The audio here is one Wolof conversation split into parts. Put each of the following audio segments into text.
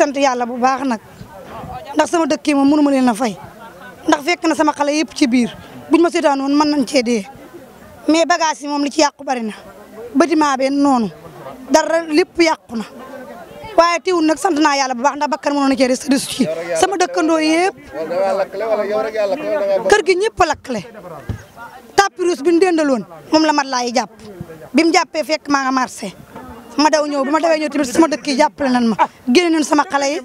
sant yàlla bu baax nag ndax sama dëkk yi moom mënu ma leen a fay ndax fekk na sama xale yëpp ci biir buñ ma seetaan woon mën nañ cee dee mais bagage yi moom li ci yàqu bari na bâtiment bee noonu dara lépp yàqu na waaye teewul nag sant na yàlla bu baax ndax bakkan mënoon na cee des desu ci sama dëkkandoo yëpp kër gi ñëpp lakkle tapis rouge bi ñu dendaloon moom la mat laay jàpp bi mu jàppee fekk maa nga ma daw ñëw bu ma dawee ñëw tamit sama dëkk yi jàppale nan ma génne nañ sama xale yi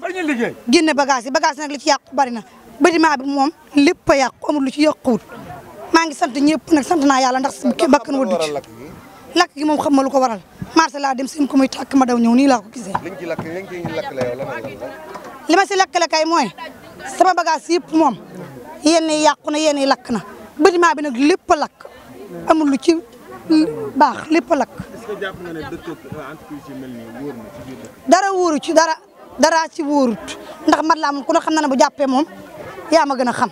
génne bagage yi bagage nag li ci yàqu bari na bâtiment bi moom lépp lu ci yàquwut maa ngi sant ñëpp nag sant naa yàlla ndax bakkan waddu ci lakk gi moom xam ma lu ko waral marché laa dem seen ko muy tàkk ma daw ñëw nii laa li ma si lakkale kay mooy sama bagage yëpp moom yenn yi na yenn yi lakk na bâtiment bi nag lépp lakk amul lu ci baax lépp lakk. est euh, dara wóoru ci dara dara ci wóorut ndax mat laa moom ku ne xam na ne bu jàppee moom yaa ma gën a xam.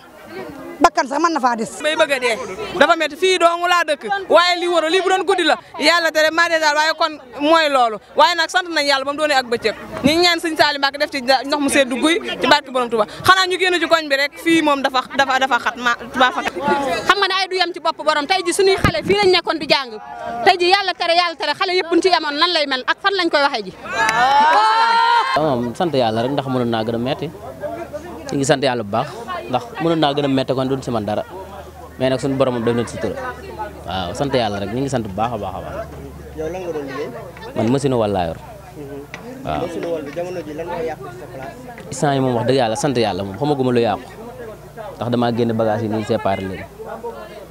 bakkan sax mën na faa des bay bëgg a dee dafa métti fii doongu laa dëkk waaye li waro lii bu doon guddi la yàlla tere maa dee daal waaye kon mooy loolu waaye nag sant nañ yàlla ba mu doonee ak bëccëg ñu ñaan sëñ Saali Mbàkke def ci ndox mu seddu guy ci barke borom Tuuba xanaa ñu génn ci koñ bi rek fii moom dafa dafa dafa xat ma ba fa xam nga ne ay du ci bopp borom tey ji suñuy xale fii lañ nekkoon di jàng tey ji yàlla tere yàlla tere xale yëpp ci yemoon nan lay mel ak fan lañ koy waxee ji sant yàlla rek ndax mënoon naa gën a metti ñu ngi sant yàlla bu baax ndax mënoon naa gën a métti kon duñ si man dara mais nag suñu boromam def nañ si tura waaw sant yàlla rek ñu ngi sant bu baax a baax a baax. man machine wal laa yor. Mhm. waaw yi moom wax dëgg yàlla sant yàlla moom xamaguma lu yàqu ndax damaa génn bagage yi nii séparé leen.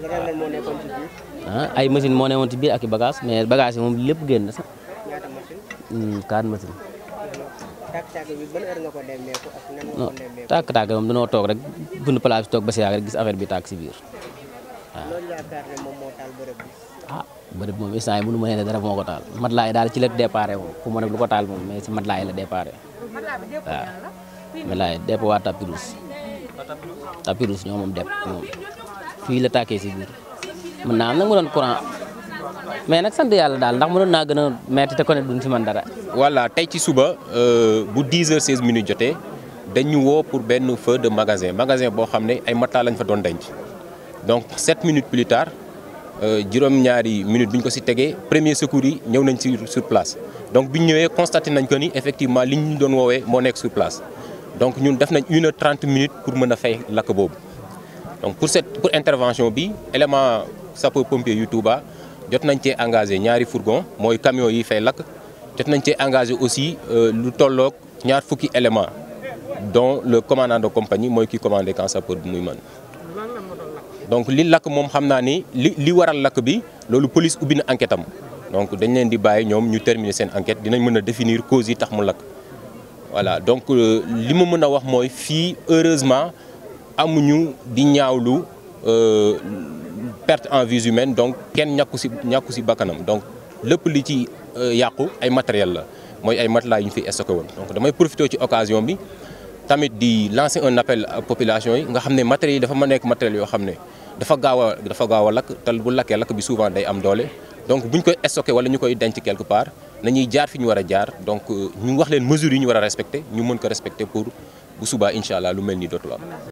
lan moo ah, ay machine moo newoon ci biir ak i bagage mais bagage yi moom lépp génn sax. ñaata machine. Hmm, quatre tàkk-tàkk bi ban heure toog rek buñu place toog ba si yàgg rek gis affaire bi tàkk si biir waaw. moom moo taal bërëb ah, ma ne dara moo ko taal matelas moom ma lu ko taal moom mais si matelas yi la déparé waaw matelas yi dépp waa tapirous tapirous moom dépp moom fii la tàkkee si naa am nag mu courant mais nag sant yàlla daal ndax mënoon naa gën a metti te ko ne si man dara voilà tey ci suba euh, bu 10h16 minutes jotee dañu woo pour benn feu de magasin magasin boo xam ne ay matelas lañ fa doon denc donc 7 minutes plus tard euh, juróom-ñaari minutes bi ñu ko si tegee premier secours yi ñëw nañ si sur place donc bi ñu ñëwee constaté nañ ko ni effectivement li ñu doon woowee moo nekk sur place donc ñun def nañ une heure minutes pour mën a fay lakk boobu donc pour cette pour intervention bi élément sapo pompier yu Touba jot nañ cee engagé ñaari fourgon mooy camion yi fay lakk. jot nañ cee engagé aussi euh, lu tollook ñaar fukki élément donc le commandant de compagnie mooy ki commandé Camp Sapeur bu muy man donc li lakk moom xam naa ni li li waral lakk bi loolu police ubbi na enquête am donc dañ leen di bàyyi ñoom ñu terminer seen enquête dinañ mën a définir cause yi tax mu lakk voilà donc euh, li ma mën a wax mooy fii heureusement amuñu di ñaaw ñaawlu euh, perte en vies donc kenn ñàkku si ñàkku si bakkanam donc lépp li ci Euh, yàqu ay matériel la mooy ay matelas yu ñu fi stocké woon donc damay profité ci occasion bi tamit di lancer un appel à population yi nga xam ne matériel yi dafa ma nekk matériel yoo xam ne dafa gaaw a dafa gaaw a lakk te bu lakkee lakk bi souvent day am doole donc bu koy stocké wala ñu koy denc quelque part nañuy jaar fi ñu war a jaar donc ñu wax leen mesures yi ñu war a respecté ñu mën ko respecté pour bu subaa incha allah lu mel nii dootul am